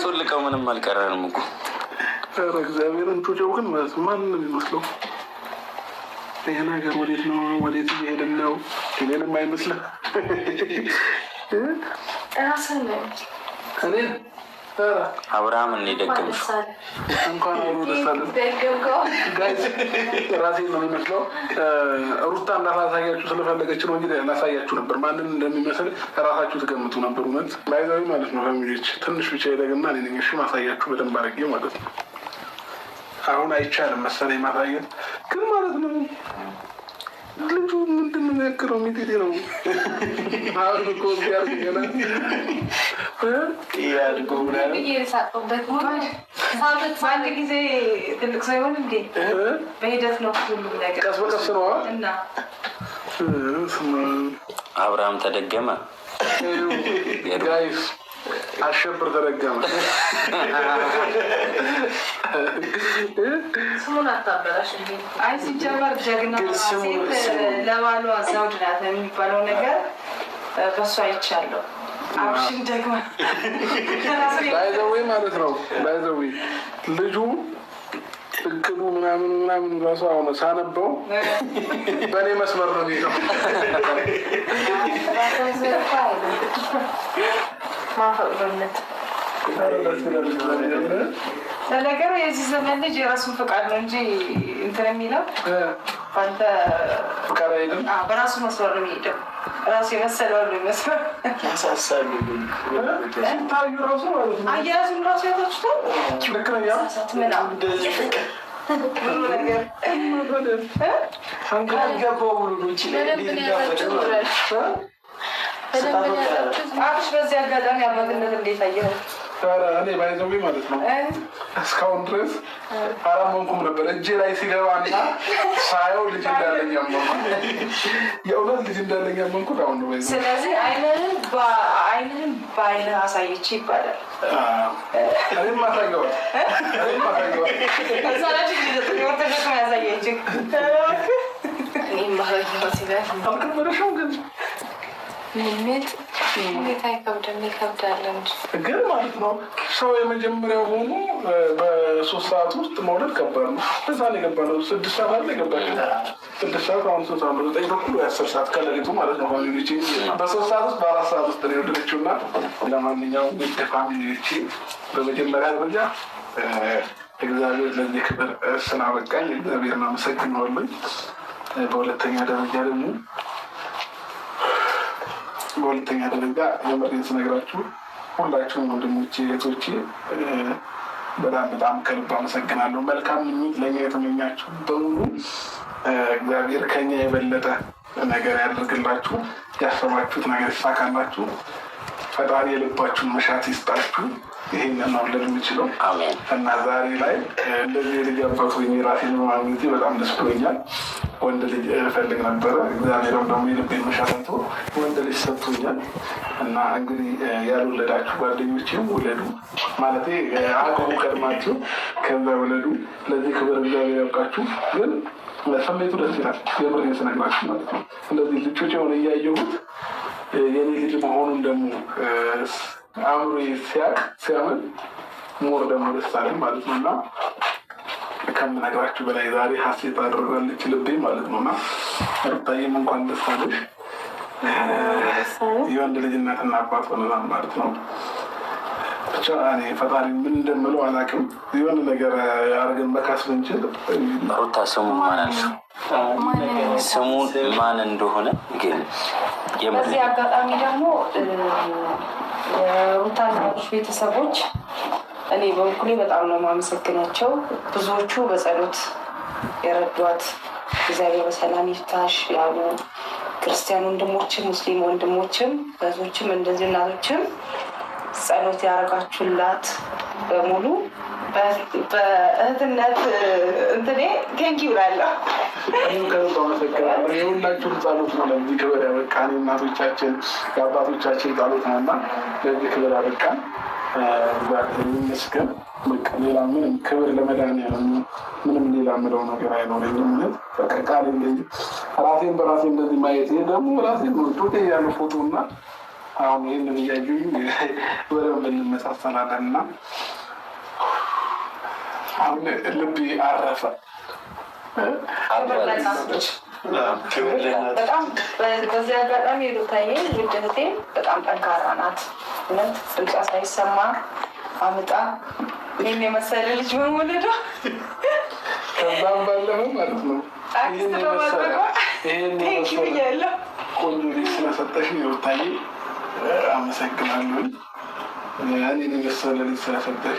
ልናስወልቀው ምንም አልቀረንም እኮ ኧረ እግዚአብሔርን ጩጬው ግን ማን ነው የሚመስለው? ይሄ ነገር ወዴት ነው ወዴት እየሄድን ነው? እኔንም አይመስልም እኔ አብርሃም እኔ ደገምሽ እንኳን ራሴ ነው የሚመስለው። ሩታ እንዳላሳያችሁ ስለፈለገች ነው እንጂ ላሳያችሁ ነበር። ማንን እንደሚመስል ራሳችሁ ትገምቱ ነበር። እውነት ላይዛዊ ማለት ነው። ፋሚሊዎች ትንሽ ብቻ ይደግና ሌነኞሽ ማሳያችሁ በደንብ አድርጌ ማለት ነው። አሁን አይቻልም መሰለኝ ማሳየት ግን ማለት ነው ልጁ ምንድን ነው የሚያክረው? ሚጤጤ ነው አድጎ ቢያርግ ገና ጊዜ ትልቅ ሳይሆን ይሆን እንዴ? በሂደት ነው ሁሉም ነገር፣ ቀስ በቀስ ነው። አብርሃም ተደገመ ጋይስ አሸብር ተረገመ። ስሙን አታበላሽ። አይ ሲጀመር ጀግና ለባሏ ዘውድ ናት የሚባለው ነገር በሱ አይቻለሁ። አብሽን ደግማ ባይዘዌ ማለት ነው። ባይዘዌ ልጁ እቅዱ ምናምን ምናምን ራሱ አሁን ሳነበው በእኔ መስመር ነው ሚለው ማፈቅዶነት ለነገሩ የዚህ ዘመን ልጅ የራሱን ፈቃድ ነው እንጂ እንትን የሚለው በአንተ በራሱ መስመር ነው የሚሄደው። ራሱ የመሰለው ይመስላል። ራሱ ያታችሁታል ነገር አብሽ በዚህ አጋጣሚ አባትነት እንዴት አየኸው? እኔ ባይዘዊ ማለት ነው እስካሁን ድረስ አላመንኩም ነበር። እጄ ላይ ሲገባ እና ሳየው ልጅ እንዳለኝ አመንኩ። የእውነት ልጅ እንዳለኝ አመንኩ። አሁን ነው። ስለዚህ አይንህን በአይን አሳየች ይባላል። እኔም ማሳየዋል እኔም ማሳየዋል። እዛ ናቸው ተደቅመ ያሳየች እኔም ማሳየዋል ሲላል አልከበረሻው ግን ምንት ሁኔታ ይከብዳል ይከብዳል እንጂ ግን ማለት ነው ሰው የመጀመሪያው ሆኖ በሶስት ሰዓት ውስጥ መውለድ ከባድ ነው። በዛ ነው የገባነው። ስድስት ሰዓት አለ ገባ ስድስት ሰዓት አሁን ሶስት አንዱ ዘጠኝ በኩል አስር ሰዓት ከሌሊቱ ማለት ነው ፋሚሊዎቼ በሶስት ሰዓት ውስጥ በአራት ሰዓት ውስጥ ነው የወለደችው እና ለማንኛውም ውድ ፋሚሊዎቼ በመጀመሪያ ደረጃ እግዚአብሔር ለዚህ ክብር ስላበቃኝ እግዚአብሔርን አመሰግነዋለሁ። በሁለተኛ ደረጃ ደግሞ በሁለተኛ ደረጃ የምሬን ስነግራችሁ ሁላችሁም ወንድሞቼ እህቶቼ በጣም በጣም ከልብ አመሰግናለሁ። መልካም ምኞት ለኛ የተመኛችሁ በሙሉ እግዚአብሔር ከኛ የበለጠ ነገር ያደርግላችሁ፣ ያሰባችሁት ነገር ይሳካላችሁ። ፈጣሪ የልባችሁን መሻት ይስጣችሁ። ይሄን ማምለድ የምችለው እና ዛሬ ላይ እንደዚህ የልጅ አባት ወይ ራሴን በማግኘቴ በጣም ደስ ብሎኛል። ወንድ ልጅ እፈልግ ነበረ። እግዚአብሔርም ደግሞ የልቤን መሻት አይቶ ወንድ ልጅ ሰጥቶኛል እና እንግዲህ ያልወለዳችሁ ጓደኞችም ውለዱ፣ ማለት አቆሙ ቀድማችሁ ከዛ ውለዱ። ለዚህ ክብር እግዚአብሔር ያውቃችሁ ግን ስሜቱ ደስ ይላል። የምር ስነግራችሁ ማለት ነው። እንደዚህ ልጆች የሆነ እያየሁት የኔ ልጅ መሆኑን ደግሞ አእምሮ ሲያቅ ሲያምን ሞር ደግሞ ደስታለኝ ማለት ነው እና ከምነግራችሁ በላይ ዛሬ ሀሴት አደረጋለች ልቤ ማለት ነው እና ሩታዬም እንኳን ደስ አለሽ። የወንድ ልጅነትና እናትና አባት ሆነናል ማለት ነው። ብቻ እኔ ፈጣሪ ምን እንደምለው አላውቅም። የሆነ ነገር አድርገን መካስ ብንችል ሩታ ስሙ ማን ስሙ ማን እንደሆነ ግን በዚህ አጋጣሚ ደግሞ የሩታናዎች ቤተሰቦች እኔ በበኩሌ በጣም ነው የማመሰግናቸው። ብዙዎቹ በጸሎት የረዷት እግዚአብሔር በሰላም ይፍታሽ ያሉ ክርስቲያን ወንድሞችም ሙስሊም ወንድሞችም እህቶችም እንደዚህ እናቶችም ጸሎት ያደረጋችሁላት በሙሉ በእህትነት እንትኔ ቴንኪው ላለሁ የሁላችሁም ጸሎት ነው ለዚህ ክብር ያበቃን። የእናቶቻችን የአባቶቻችን ጸሎት ነው እና ለዚህ ክብር ያበቃን። ይመስገን። ሌላ ምንም ክብር ለመድኃኒዓለም ምንም ሌላ ምለው ነገር አይኖረኝም። ምነት በቃ ቃል እንደዚህ ራሴን በራሴ እንደዚህ ማየት ይሄ ደግሞ ራሴ ነው ጡቴ ያለ ፎቶ እና አሁን ይህን እያዩኝ በደንብ እንመሳሰላለን እና አሁን ልቤ አረፈ። በጣም በዚህ አጋጣሚ ሩታዬ ውድ እህቴ በጣም ጠንካራ ናት። እውነት ድምጿ ሳይሰማ አምጣ ይህን የመሰለ ልጅ መወለዷ ከዛም ባለፈ ማለት ነው ያለው ቆንጆ ልጅ ስለሰጠሽ ሩታዬ አመሰግናለሁ። እኔን የመሰለ ልጅ ስለሰጠሽ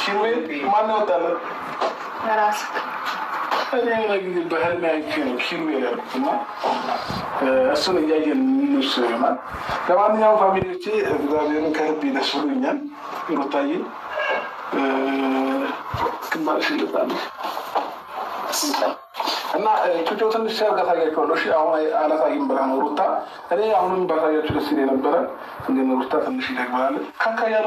ሽሜ ማን ያወጣለ? ራስ እኔ የሆነ ጊዜ በህልሜ አይቼ ነው ሽሜ ያልኩት እና እሱን እያየን እንሱ ይሆናል። ለማንኛውም ፋሚሊዎቼ እግዚአብሔርን ከልብ ደስ ሩታዬ ግንባርሽ ይልጣል እና ጩጮ ትንሽ ሲያርጋ ታያቸዋለሁ። እሺ አሁን አላሳይም ብላ ነው ሩታ። እኔ አሁንም ባሳያችሁ ደስ ይለኝ ነበረ። ግን ሩታ ትንሽ ይደግበላለች ካካ ያሉ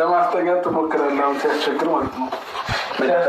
ለማስጠጋት ትሞክራለህ። አሁን ሲያስቸግር ማለት ነው። ደስ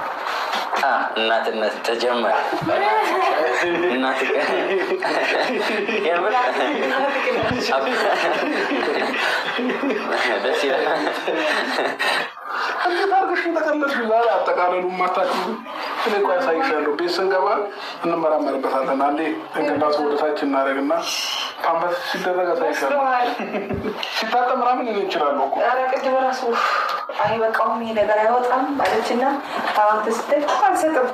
እናትነት ተጀመረ። ደስ ይላል። እንዴት አድርገሽ የተቀለድሽ ዛሬ አጠቃለሉን ማታችሁ እኔ እኮ ያሳይሻለሁ። ቤት ስንገባ እንመራመርበታለን። አንዴ እንቅላቱ ወደታች እናደርግና ፓምፐርስ ሲደረግ አሳይሻለሁ። ሲታጠብ ምናምን አይበቃውም ይሄ ነገር አይወጣም አለችና ሀዋንት ስትል አልሰጥም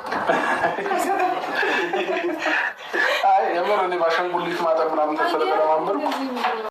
የምር እኔ ባሻንጉሊት ማጠር ምናምን ተሰለጠ ማመርኩ